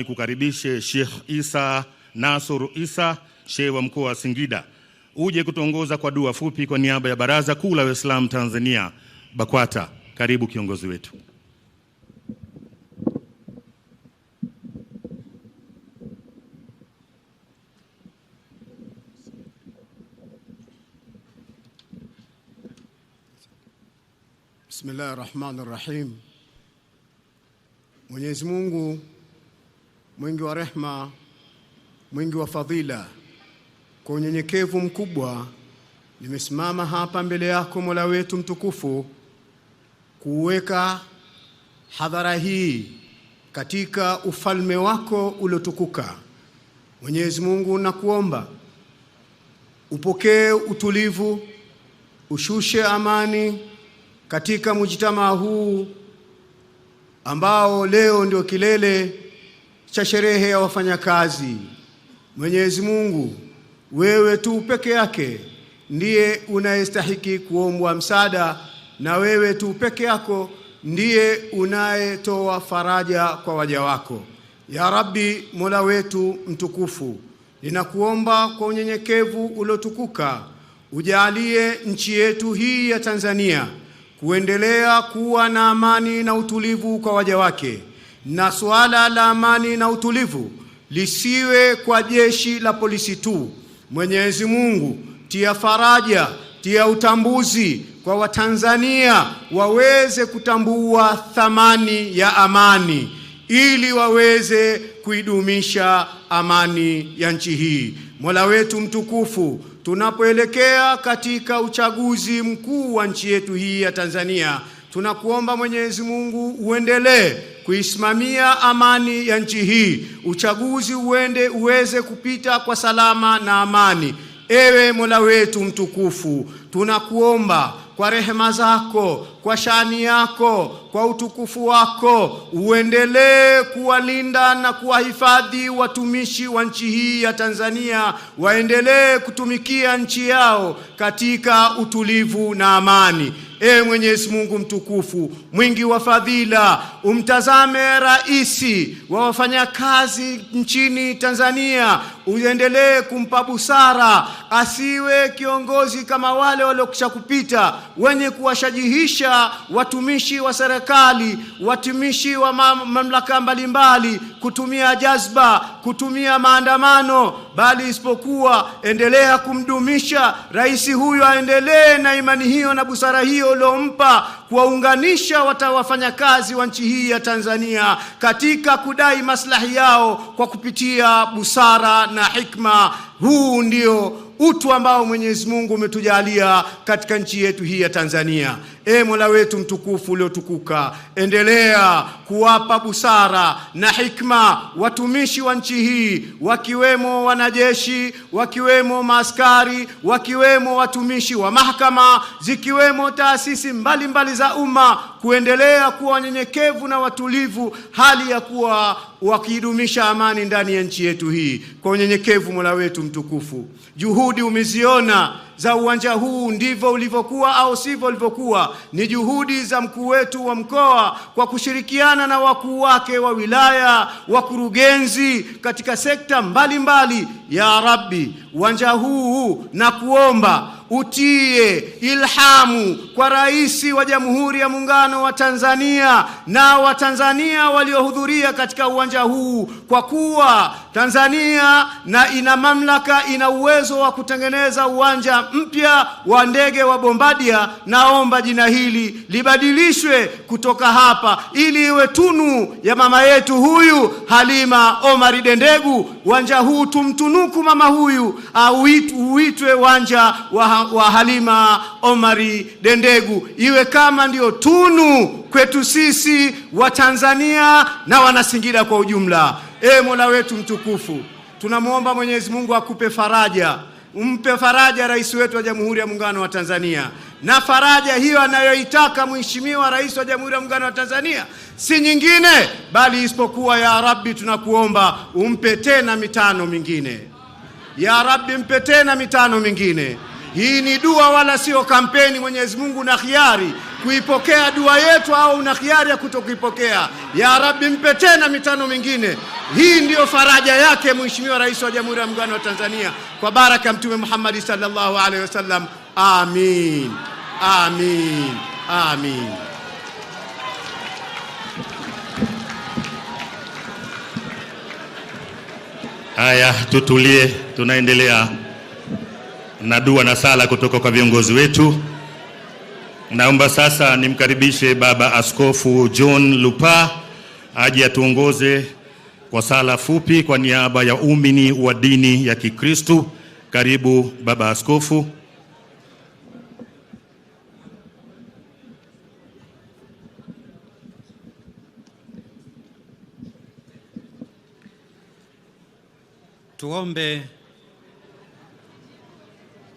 Nikukaribishe Sheikh Isa Nasuru Isa, shehe wa mkoa wa Singida, uje kutongoza kwa dua fupi kwa niaba ya Baraza Kuu la Waislamu Tanzania BAKWATA. Karibu kiongozi wetu. Bismillahir Rahmanir Rahim. Mwenyezi Mungu mwingi wa rehma, mwingi wa fadhila, kwa unyenyekevu mkubwa nimesimama hapa mbele yako Mola wetu mtukufu kuweka hadhara hii katika ufalme wako uliotukuka. Mwenyezi Mungu, nakuomba upokee utulivu, ushushe amani katika mujitamaa huu ambao leo ndio kilele cha sherehe ya wafanyakazi. Mwenyezi Mungu, wewe tu peke yake ndiye unayestahiki kuombwa msaada, na wewe tu peke yako ndiye unayetoa faraja kwa waja wako. Ya Rabbi, Mola wetu mtukufu, ninakuomba kwa unyenyekevu uliotukuka ujalie nchi yetu hii ya Tanzania kuendelea kuwa na amani na utulivu kwa waja wake na suala la amani na utulivu lisiwe kwa jeshi la polisi tu. Mwenyezi Mungu, tia faraja, tia utambuzi kwa Watanzania waweze kutambua thamani ya amani ili waweze kuidumisha amani ya nchi hii. Mola wetu mtukufu, tunapoelekea katika uchaguzi mkuu wa nchi yetu hii ya Tanzania, tunakuomba Mwenyezi Mungu uendelee kuisimamia amani ya nchi hii, uchaguzi uende uweze kupita kwa salama na amani. Ewe Mola wetu mtukufu, tunakuomba kwa rehema zako kwa shani yako, kwa utukufu wako, uendelee kuwalinda na kuwahifadhi watumishi wa nchi hii ya Tanzania, waendelee kutumikia nchi yao katika utulivu na amani. E Mwenyezi Mungu mtukufu mwingi wa fadhila, umtazame rais wa wafanyakazi nchini Tanzania, uendelee kumpa busara, asiwe kiongozi kama wale waliokisha kupita wenye kuwashajihisha kuwachochea watumishi wa serikali, watumishi wa mamlaka mbalimbali kutumia jazba, kutumia maandamano, bali isipokuwa endelea kumdumisha rais huyo, aendelee na imani hiyo na busara hiyo uliompa, kuwaunganisha watawafanyakazi wa nchi hii ya Tanzania katika kudai maslahi yao kwa kupitia busara na hikma. Huu ndio utu ambao Mwenyezi Mungu umetujalia katika nchi yetu hii ya Tanzania. E Mola wetu mtukufu uliotukuka, endelea kuwapa busara na hikma watumishi wa nchi hii, wakiwemo wanajeshi, wakiwemo maaskari, wakiwemo watumishi wa mahakama, zikiwemo taasisi mbalimbali mbali za umma, kuendelea kuwa wanyenyekevu na watulivu, hali ya kuwa wakidumisha amani ndani ya nchi yetu hii kwa unyenyekevu. Mola wetu mtukufu, juhudi umeziona za uwanja huu ndivyo ulivyokuwa au sivyo ulivyokuwa, ni juhudi za mkuu wetu wa mkoa kwa kushirikiana na wakuu wake wa wilaya, wakurugenzi katika sekta mbalimbali mbali. Ya Rabbi, uwanja huu na kuomba utie ilhamu kwa Rais wa Jamhuri ya Muungano wa Tanzania na Watanzania waliohudhuria katika uwanja huu, kwa kuwa Tanzania na ina mamlaka, ina uwezo wa kutengeneza uwanja mpya wa ndege wa Bombardier, naomba jina hili libadilishwe kutoka hapa ili iwe tunu ya mama yetu huyu Halima Omari Dendegu. Uwanja huu tumtunuku mama huyu uitwe uwanja wa, wa Halima Omari Dendegu, iwe kama ndio tunu kwetu sisi wa Tanzania na Wanasingida kwa ujumla. E Mola wetu mtukufu, tunamwomba Mwenyezi Mungu akupe faraja umpe faraja rais wetu wa Jamhuri ya Muungano wa Tanzania. Na faraja hiyo anayoitaka Mheshimiwa Rais wa Jamhuri ya Muungano wa Tanzania si nyingine bali isipokuwa, ya Rabbi, tunakuomba umpe tena mitano mingine, ya Rabbi, mpe tena mitano mingine. Hii ni dua wala sio kampeni. Mwenyezi Mungu na khiari kuipokea dua yetu au una khiari ya kutokuipokea. Ya Rabbi, mpe tena mitano mingine. Hii ndiyo faraja yake Mheshimiwa Rais wa Jamhuri ya Muungano wa Tanzania kwa baraka ya Mtume Muhammad sallallahu alaihi wasallam. Amin, amin, amin. Haya, tutulie, tunaendelea na dua na sala kutoka kwa viongozi wetu. Naomba sasa nimkaribishe Baba Askofu John Lupa aje atuongoze kwa sala fupi kwa niaba ya umini wa dini ya Kikristu. Karibu Baba Askofu. Tuombe.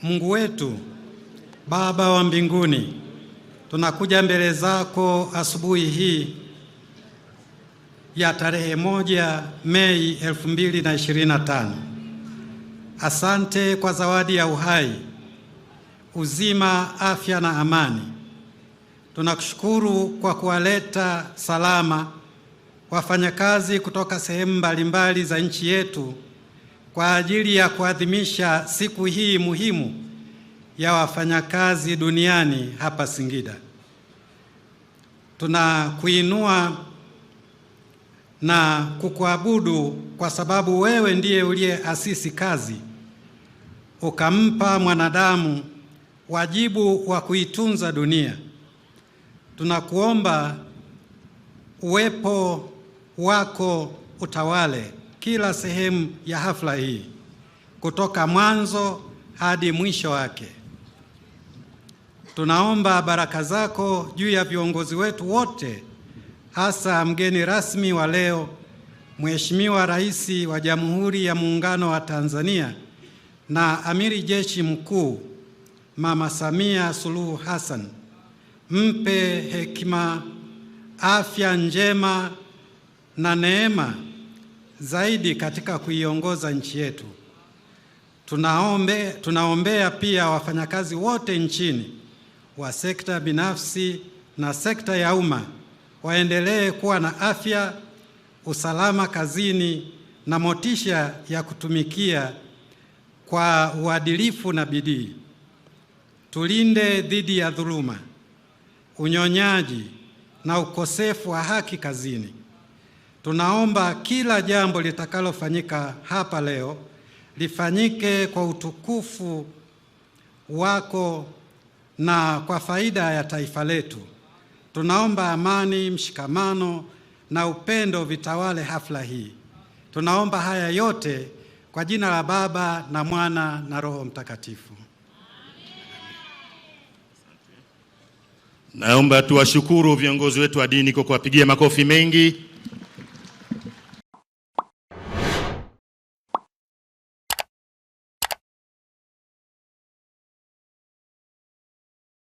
Mungu wetu Baba wa mbinguni, tunakuja mbele zako asubuhi hii ya tarehe moja Mei 2025. Asante kwa zawadi ya uhai, uzima, afya na amani. Tunakushukuru kwa kuwaleta salama wafanyakazi kutoka sehemu mbalimbali za nchi yetu kwa ajili ya kuadhimisha siku hii muhimu ya wafanyakazi duniani hapa Singida. Tunakuinua na kukuabudu kwa sababu wewe ndiye uliyeasisi kazi, ukampa mwanadamu wajibu wa kuitunza dunia. Tunakuomba uwepo wako utawale kila sehemu ya hafla hii kutoka mwanzo hadi mwisho wake. Tunaomba baraka zako juu ya viongozi wetu wote, hasa mgeni rasmi wa leo, Mheshimiwa Rais wa Jamhuri ya Muungano wa Tanzania na Amiri Jeshi Mkuu Mama Samia Suluhu Hassan. Mpe hekima, afya njema na neema zaidi katika kuiongoza nchi yetu. Tunaombe, tunaombea pia wafanyakazi wote nchini wa sekta binafsi na sekta ya umma waendelee kuwa na afya, usalama kazini na motisha ya kutumikia kwa uadilifu na bidii. Tulinde dhidi ya dhuluma, unyonyaji na ukosefu wa haki kazini. Tunaomba kila jambo litakalofanyika hapa leo lifanyike kwa utukufu wako na kwa faida ya taifa letu. Tunaomba amani, mshikamano na upendo vitawale hafla hii. Tunaomba haya yote kwa jina la Baba na Mwana na Roho Mtakatifu. Naomba tuwashukuru viongozi wetu wa dini kwa kuwapigia makofi mengi.